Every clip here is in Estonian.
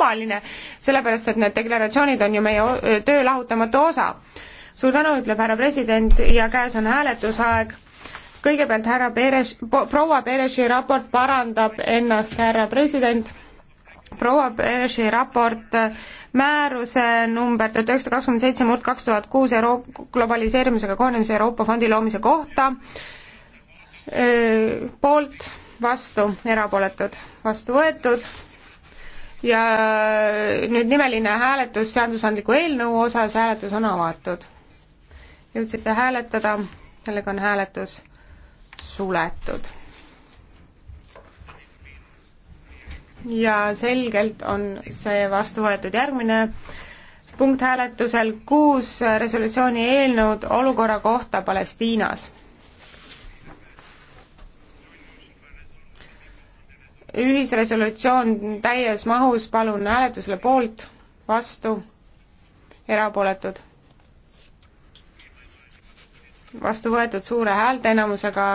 kummaline, sellepärast et need deklaratsioonid on ju meie töö lahutamatu osa. suur tänu, ütleb härra president ja käes on hääletusaeg kõigepealt härra Peres, proua Peresi raport parandab ennast, härra president, proua Peresi raport äh, määruse number tuhat üheksasada kakskümmend seitse murd kaks tuhat kuus Euro-, globaliseerimisega kohanemise Euroopa fondi loomise kohta, äh, poolt, vastu, erapooletud, vastu võetud ja nüüd nimeline hääletus seadusandliku eelnõu osas, hääletus on avatud. jõudsite hääletada, sellega on hääletus suletud. ja selgelt on see vastu võetud järgmine punkt hääletusel, kuus resolutsiooni eelnõud olukorra kohta Palestiinas ühisresolutsioon täies mahus, palun hääletusele poolt, vastu, erapooletud. vastu võetud suure häälteenamusega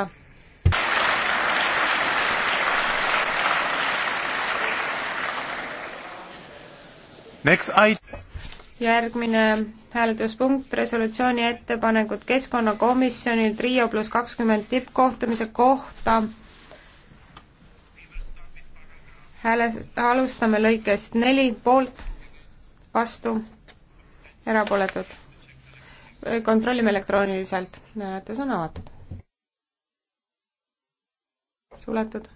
järgmine hääletuspunkt, resolutsiooni ettepanekud keskkonnakomisjonilt Riio pluss kakskümmend tippkohtumise kohta hääle, alustame lõikest neli, poolt, vastu, erapooletud. kontrollime elektrooniliselt, hääletus on avatud. suletud.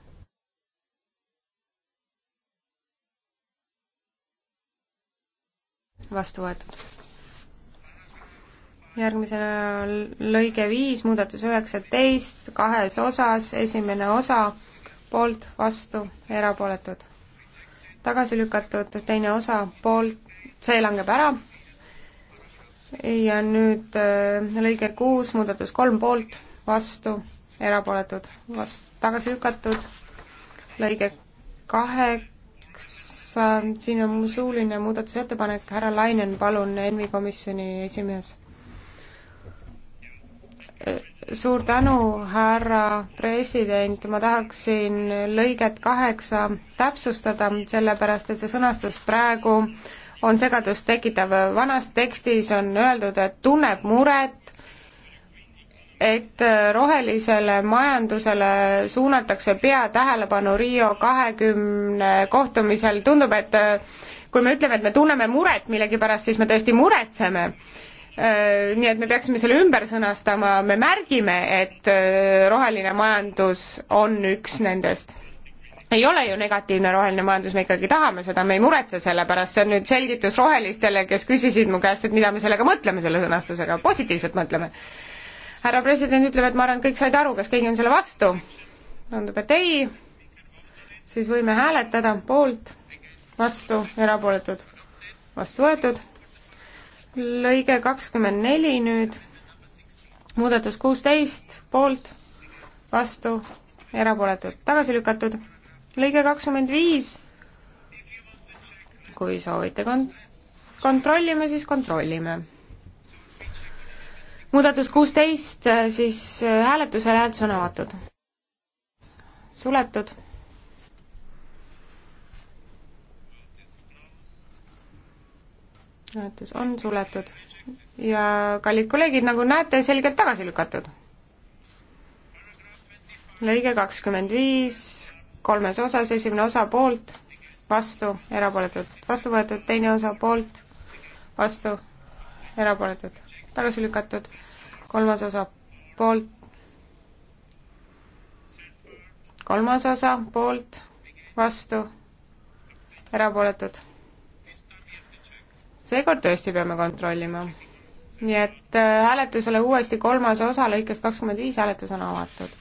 vastu võetud. järgmisena lõige viis, muudatus üheksateist, kahes osas, esimene osa poolt, vastu, erapooletud. tagasi lükatud teine osa, poolt, see langeb ära. ja nüüd äh, lõige kuus, muudatus kolm poolt, vastu, erapooletud, vast-, tagasi lükatud, lõige kaheksa, siin on suuline muudatusettepanek, härra Lainen, palun, ENMi komisjoni esimees suur tänu, härra president, ma tahaksin lõiget kaheksa täpsustada, sellepärast et see sõnastus praegu on segadust tekitav. vanas tekstis on öeldud, et tunneb muret, et rohelisele majandusele suunatakse peatähelepanu Rio kahekümne kohtumisel, tundub, et kui me ütleme, et me tunneme muret millegi pärast, siis me tõesti muretseme Äh, nii et me peaksime selle ümber sõnastama, me märgime, et äh, roheline majandus on üks nendest. ei ole ju negatiivne roheline majandus, me ikkagi tahame seda, me ei muretse selle pärast, see on nüüd selgitus rohelistele, kes küsisid mu käest, et mida me sellega mõtleme, selle sõnastusega, positiivselt mõtleme. härra president ütleb, et ma arvan, et kõik said aru, kas keegi on selle vastu? tundub, et ei, siis võime hääletada poolt, vastu, erapooletud, vastu võetud lõige kakskümmend neli nüüd, muudatus kuusteist, poolt, vastu, erapooletud, tagasi lükatud. lõige kakskümmend viis, kui soovite kon-, kontrollime, siis kontrollime muudatus kuusteist, siis hääletusele hääletus on avatud. suletud hääletus on suletud ja kallid kolleegid, nagu näete, selgelt tagasi lükatud. lõige kakskümmend viis, kolmes osas, esimene osa poolt, vastu, erapooletud, vastu võetud, teine osa poolt, vastu, erapooletud, tagasi lükatud, kolmas osa poolt, kolmas osa poolt, vastu, erapooletud seekord tõesti peame kontrollima. nii et äh, hääletusele uuesti kolmas osa lõikest kakskümmend viis, hääletus on avatud.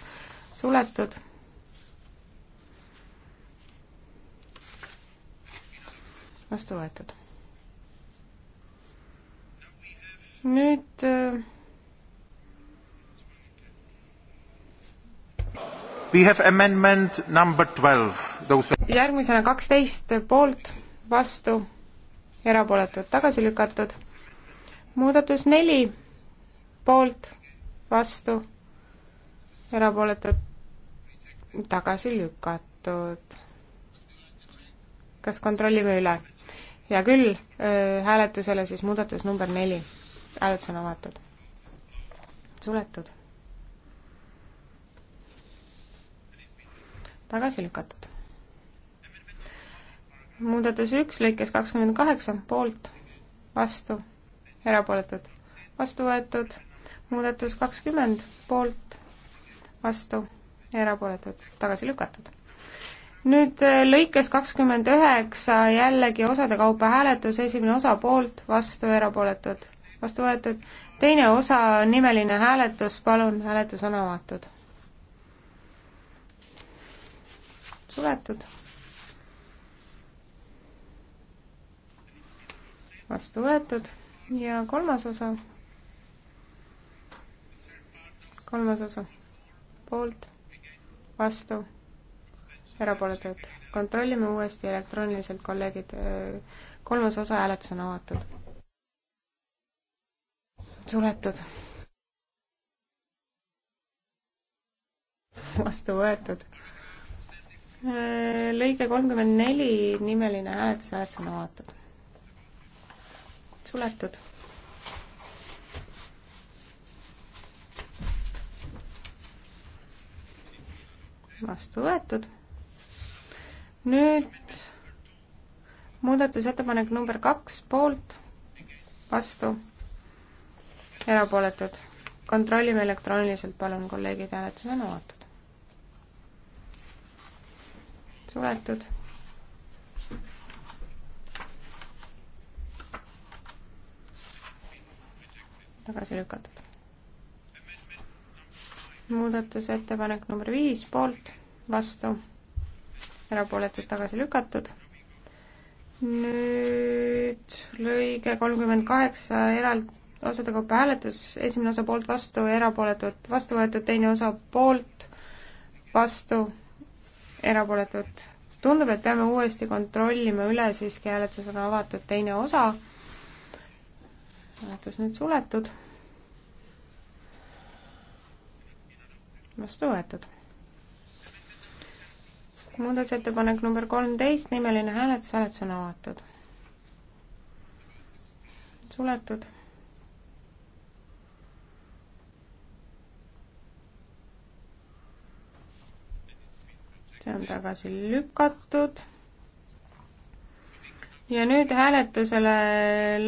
suletud. vastu võetud. nüüd äh, We have amendment number 12. Those... järgmisena kaksteist poolt, vastu erapooletud tagasi lükatud. muudatus neli, poolt, vastu, erapooletud tagasi lükatud. kas kontrollime üle? hea küll, hääletusele siis muudatus number neli. hääletus on avatud. suletud. tagasi lükatud muudatus üks lõikes kakskümmend kaheksa, poolt, vastu, erapooletud, vastu võetud, muudatus kakskümmend, poolt, vastu, erapooletud, tagasi lükatud nüüd äh, lõikes kakskümmend üheksa jällegi osade kaupa hääletus, esimene osa poolt, vastu, erapooletud, vastu võetud, teine osa nimeline hääletus, palun, hääletus on avatud. suletud vastu võetud ja kolmas osa, kolmas osa, poolt, vastu, erapooletud. kontrollime uuesti elektrooniliselt, kolleegid, kolmas osa hääletus on avatud. suletud. vastu võetud. lõige kolmkümmend neli, nimeline hääletus, hääletus on avatud suletud. vastu võetud. nüüd muudatusettepanek number kaks, poolt, vastu, erapooletud. kontrollime elektrooniliselt, palun, kolleegid, hääletus on avatud. suletud tagasi lükatud. muudatusettepanek number viis poolt, vastu, erapooletud tagasi lükatud. nüüd lõige kolmkümmend kaheksa eraldi osade kaupa hääletus, esimene osa poolt vastu, erapooletult vastu võetud, teine osa poolt vastu, erapooletult. tundub, et peame uuesti kontrollima üle, siiski hääletus on avatud, teine osa hääletus nüüd suletud. vastu võetud. muudatusettepanek number kolmteist, nimeline hääletus, hääletus on avatud. suletud. see on tagasi lükatud ja nüüd hääletusele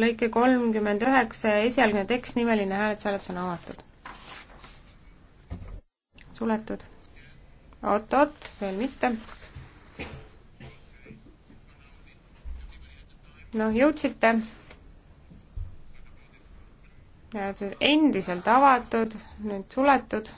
lõike kolmkümmend üheksa ja esialgne tekst, nimeline hääletus, hääletus on avatud. suletud oot,. oot-oot, veel mitte. noh, jõudsite. hääletus endiselt avatud, nüüd suletud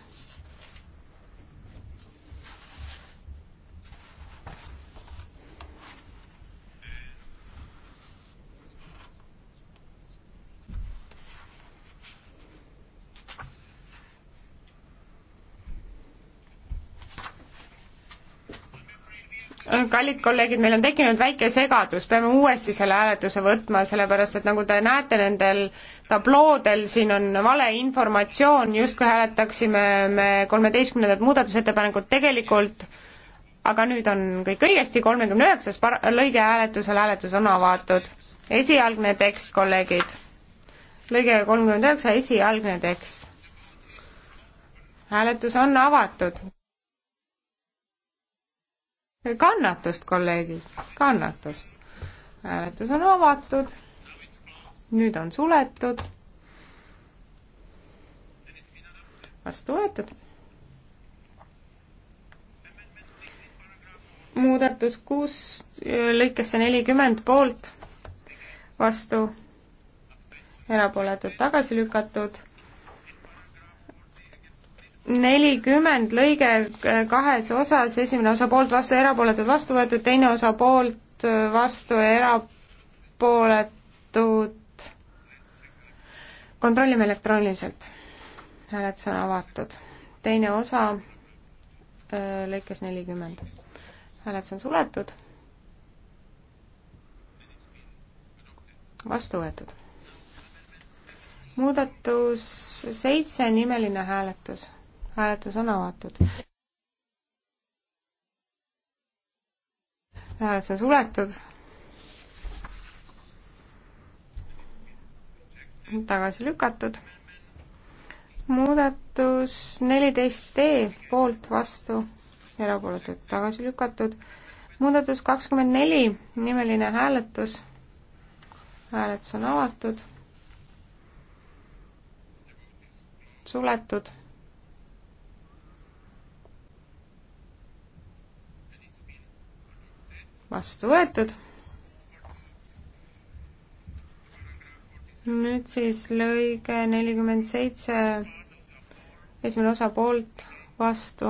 kallid kolleegid, meil on tekkinud väike segadus, peame uuesti selle hääletuse võtma, sellepärast et nagu te näete, nendel tabloodel siin on valeinformatsioon, justkui hääletaksime me kolmeteistkümnendat muudatusettepanekut, tegelikult aga nüüd on kõik õigesti, kolmekümne üheksas par-, lõige hääletusel, hääletus on avatud. esialgne tekst, kolleegid. lõige kolmkümmend üheksa, esialgne tekst. hääletus on avatud kannatust, kolleegid, kannatust. hääletus on avatud, nüüd on suletud, vastu võetud. muudatus kuus lõikesse nelikümmend poolt, vastu, erapooletud tagasi lükatud nelikümmend lõige kahes osas, esimene osa poolt vastu, erapooletud vastu võetud, teine osa poolt vastu, erapooletud. kontrollime elektrooniliselt. hääletus on avatud. teine osa äh, lõikes nelikümmend. hääletus on suletud. vastu võetud. muudatus seitse, nimeline hääletus hääletus on avatud. hääletus on suletud. tagasi lükatud. muudatus neliteist D poolt vastu, erapooletud tagasi lükatud. muudatus kakskümmend neli, nimeline hääletus. hääletus on avatud. suletud vastu võetud. nüüd siis lõige nelikümmend seitse, esimene osa poolt, vastu.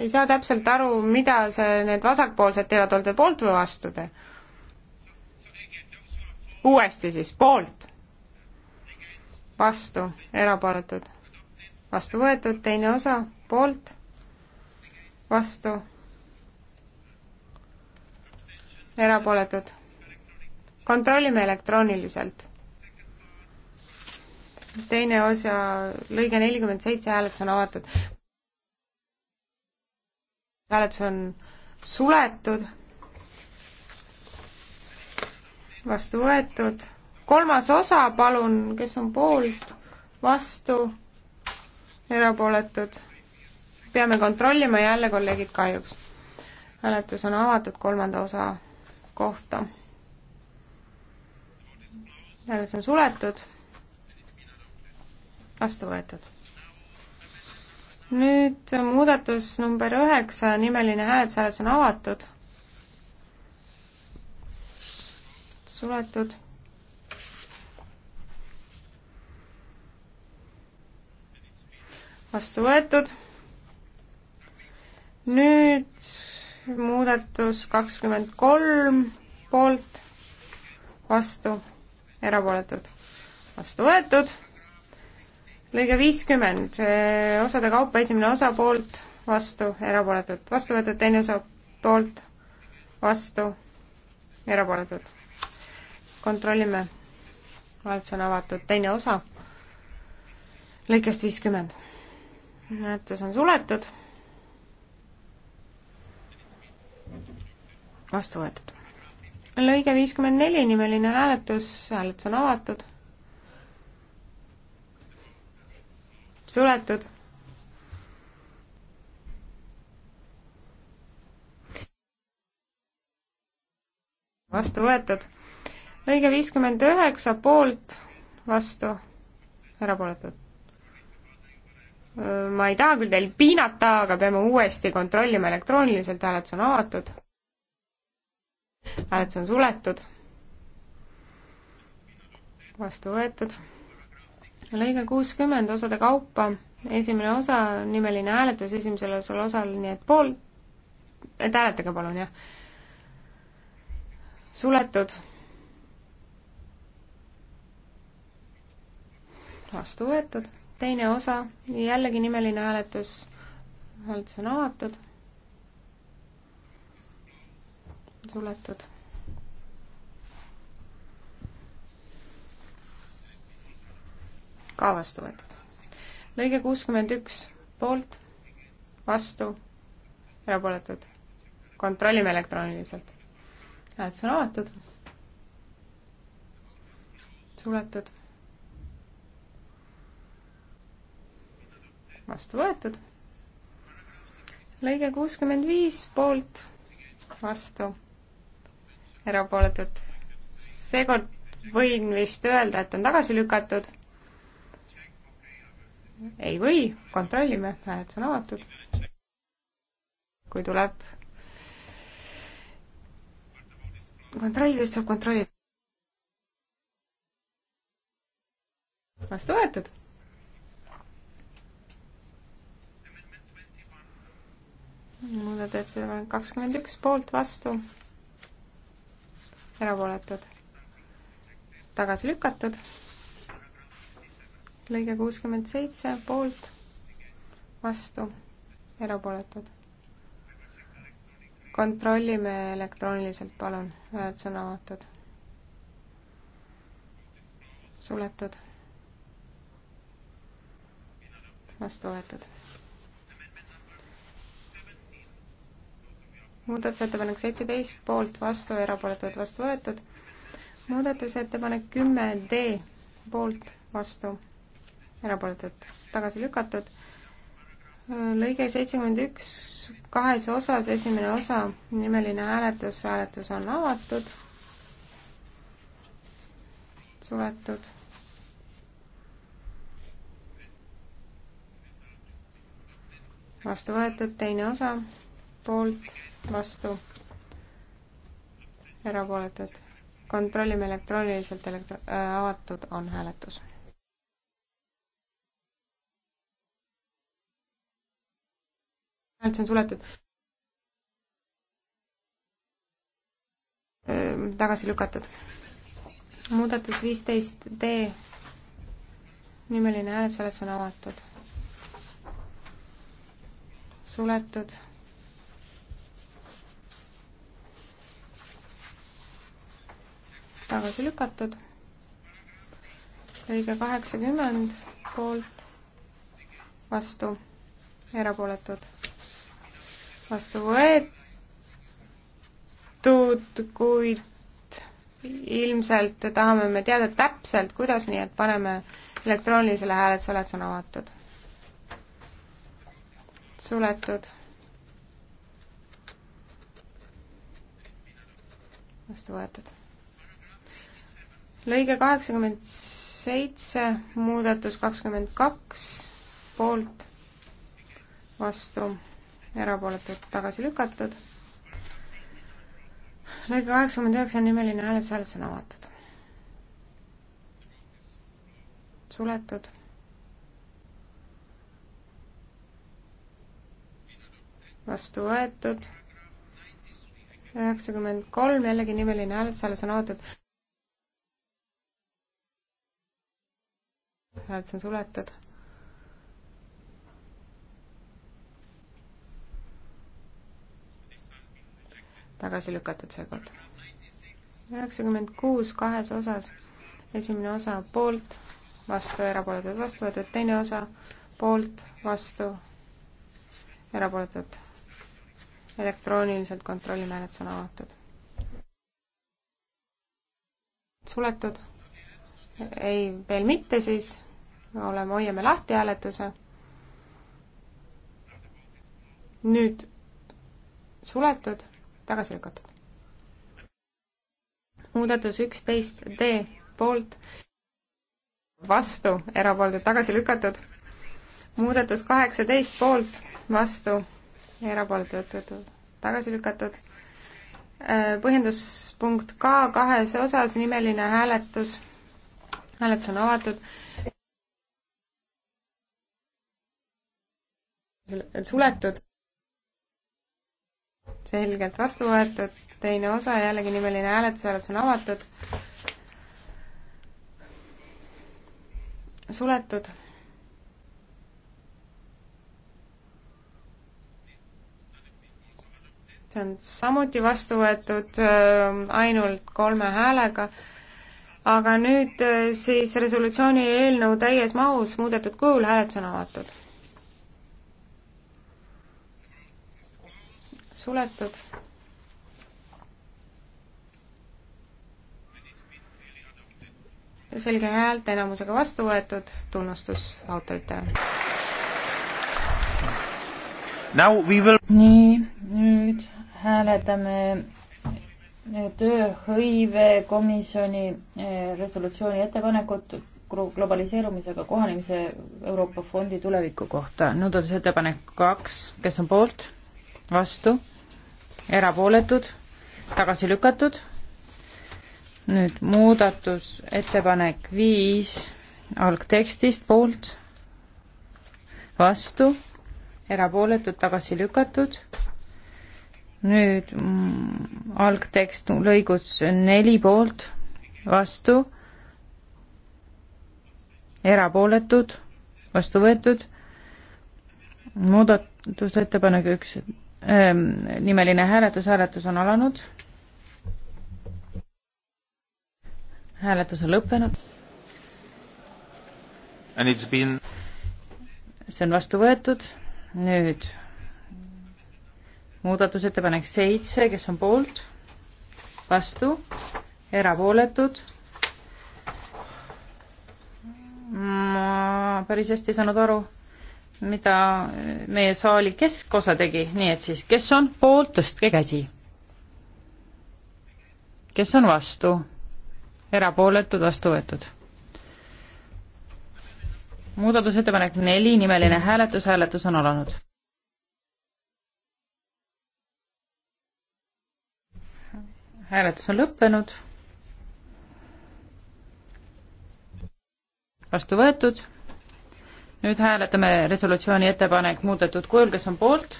ei saa täpselt aru, mida see, need vasakpoolsed teevad, olete poolt või vastu te? uuesti siis, poolt, vastu, erapooletud, vastu võetud, teine osa, poolt vastu, erapooletud. kontrollime elektrooniliselt. teine osa, lõige nelikümmend seitse, hääletus on avatud. hääletus on suletud, vastu võetud, kolmas osa, palun, kes on poolt, vastu, erapooletud peame kontrollima jälle, kolleegid, kahjuks. hääletus on avatud kolmanda osa kohta. hääletus on suletud. vastu võetud. nüüd muudatus number üheksa, nimeline hääletus, hääletus on avatud. suletud vastu võetud nüüd muudatus kakskümmend kolm poolt, vastu, erapooletud, vastu võetud. lõige viiskümmend, eh, osade kaupa esimene osa poolt, vastu, erapooletud, vastu võetud, teine osa poolt, vastu, erapooletud. kontrollime, hääletus on avatud, teine osa lõikest viiskümmend. hääletus on suletud vastu võetud. lõige viiskümmend neli nimeline hääletus, hääletus on avatud. suletud. vastu võetud. lõige viiskümmend üheksa poolt, vastu, erapooletud. Äh, ma ei taha küll teil piinata, aga peame uuesti kontrollima elektrooniliselt, hääletus on avatud hääletus on suletud. vastu võetud. lõige kuuskümmend osade kaupa, esimene osa, nimeline hääletus esimesel osal osal, nii et pool, et hääletage palun, jah. suletud. vastu võetud, teine osa, jällegi nimeline hääletus, hääletus on avatud on suletud. ka vastu võetud. lõige kuuskümmend üks, poolt, vastu, erapooletud. kontrollime elektrooniliselt. hääletus on avatud. suletud. vastu võetud. lõige kuuskümmend viis, poolt, vastu erapooletud. seekord võin vist öelda, et on tagasi lükatud. ei või, kontrollime, hääletus on avatud. kui tuleb kontrollidest saab kontrollida. vastu võetud. muudatusettepanek kakskümmend üks poolt vastu, erapooletud, tagasi lükatud. lõige kuuskümmend seitse, poolt, vastu, erapooletud. kontrollime elektrooniliselt, palun, hääletus on avatud. suletud, vastu võetud muudatusettepanek seitseteist, poolt, vastu, erapooletud, vastu võetud. muudatusettepanek kümme D, poolt, vastu, erapooletud, tagasi lükatud. lõige seitsekümmend üks, kahes osas, esimene osa, nimeline hääletus, hääletus on avatud, suletud vastu võetud teine osa poolt, vastu, erapooletud. kontrollime elektrooniliselt, elektro- äh,, avatud on hääletus. hääletus on suletud äh,. tagasi lükatud. muudatus viisteist D. nimeline hääletus, hääletus on avatud. suletud tagasi lükatud. lõige kaheksakümmend poolt, vastu, erapooletud, vastu võetud, kuid ilmselt tahame me teada täpselt, kuidas, nii et paneme elektroonilisele hääletusele, et see on avatud. suletud. vastu võetud lõige kaheksakümmend seitse, muudatus kakskümmend kaks, poolt, vastu, erapooletud, tagasi lükatud. lõige kaheksakümmend üheksa, nimeline hääletus, hääletus on avatud. suletud. vastu võetud. üheksakümmend kolm, jällegi nimeline hääletus, hääletus on avatud. hääletus on suletud. tagasi lükatud seekord. üheksakümmend kuus kahes osas, esimene osa poolt, vastu, erapooletud, vastu võetud, teine osa poolt, vastu, erapooletud. elektrooniliselt kontrollime, hääletus on avatud. suletud ei, veel mitte siis oleme, hoiame lahti hääletuse. nüüd suletud, tagasi lükatud. muudatus üksteist D poolt, vastu, erapooletud, tagasi lükatud. muudatus kaheksateist poolt, vastu, erapooletud, tagasi lükatud. Äh, põhjenduspunkt K kahes osas, nimeline hääletus. hääletus on avatud suletud. selgelt vastu võetud, teine osa jällegi nimeline hääletus, hääletus on avatud. suletud. see on samuti vastu võetud ähm, ainult kolme häälega aga nüüd äh, siis resolutsiooni eelnõu täies mahus muudetud kujul hääletus on avatud. suletud. ja selge häälte enamusega vastu võetud, tunnustus autoritele. Will... nii, nüüd hääletame tööhõivekomisjoni eh, resolutsiooni ettepanekut globaliseerumisega kohanemise Euroopa Fondi tuleviku kohta. nüüd on see ettepanek kaks, kes on poolt? vastu, erapooletud, tagasi lükatud. nüüd muudatusettepanek viis algtekstist poolt, vastu, erapooletud, tagasi lükatud. nüüd mm, algtekst lõigus neli poolt, vastu, erapooletud, vastu võetud muudatusettepanek üks Ehm, nimeline hääletus, hääletus on alanud. hääletus on lõppenud. Been... see on vastu võetud, nüüd muudatusettepanek seitse, kes on poolt, vastu, erapooletud. ma päris hästi ei saanud aru mida meie saali keskosa tegi, nii et siis, kes on poolt, tõstke käsi. kes on vastu? erapooletud, vastu võetud. muudatusettepanek neli, nimeline hääletus, hääletus on alanud. hääletus on lõppenud. vastu võetud nüüd hääletame resolutsiooni ettepanek muudetud kujul, kes on poolt,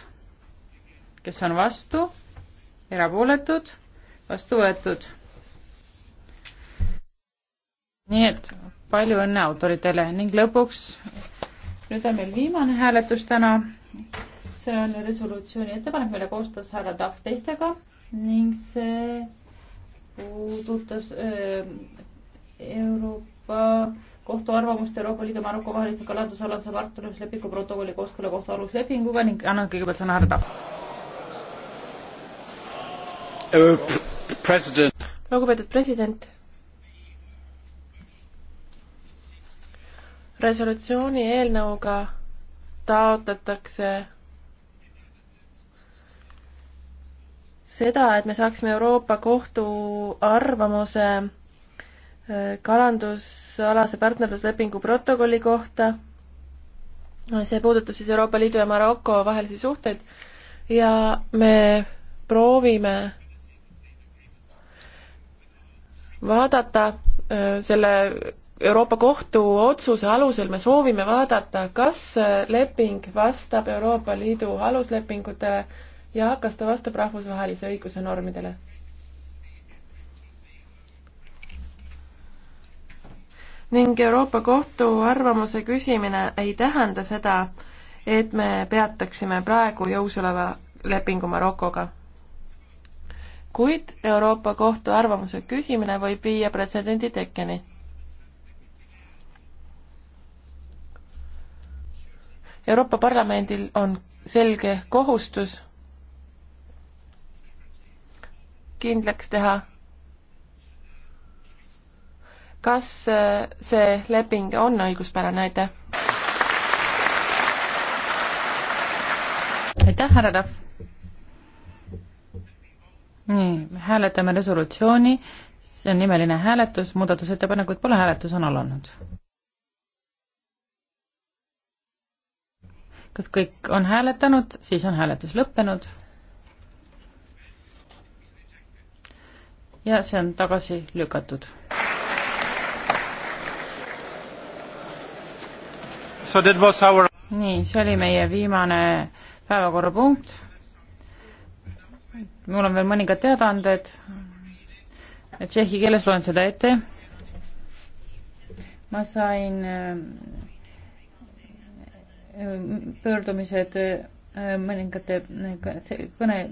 kes on vastu, erapooletud, vastu võetud. nii et palju õnne autoritele ning lõpuks nüüd on meil viimane hääletus täna. see on resolutsiooni ettepanek, mille koostas härra Tahv teistega ning see puudutas öö, äh, Euroopa kohtuarvamust Euroopa Liidu Maroko vahelise kalandusalase partnerluslepingu protokolli kooskõla kohta aluslepinguga ning annan kõigepealt sõna härra Tahv. lugupeetud president. resolutsiooni eelnõuga taotletakse seda, et me saaksime Euroopa Kohtu arvamuse kalandusalase partnerluslepingu protokolli kohta. see puudutab siis Euroopa Liidu ja Maroko vahelisi suhteid ja me proovime vaadata äh, selle Euroopa Kohtu otsuse alusel me soovime vaadata, kas leping vastab Euroopa Liidu aluslepingutele ja kas ta vastab rahvusvahelise õiguse normidele ning Euroopa Kohtu arvamuse küsimine ei tähenda seda, et me peataksime praegu jõus oleva lepingu Marokoga. kuid Euroopa Kohtu arvamuse küsimine võib viia pretsedendi tekkeni. Euroopa Parlamendil on selge kohustus kindlaks teha kas äh, see leping on õiguspärane, aitäh! aitäh, härra Tahv! nii, hääletame resolutsiooni, see on nimeline hääletus, muudatusettepanekuid pole, hääletus on alanud. kas kõik on hääletanud, siis on hääletus lõppenud. ja see on tagasi lükatud Our... nii, see oli meie viimane päevakorrapunkt. mul on veel mõningad teadaanded. Tšehhi keeles loen seda ette. ma sain äh, pöördumised äh, mõningate äh, kõne